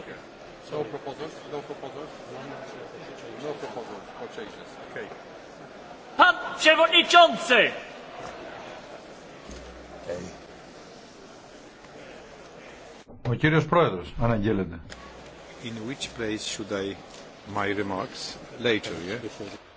Okay. So proposals, no proposals, no proposals for changes. Okay. Pan Przewodniczący! Okay. Ο κύριος Πρόεδρος αναγγέλλεται. In which place should I my remarks later, yeah?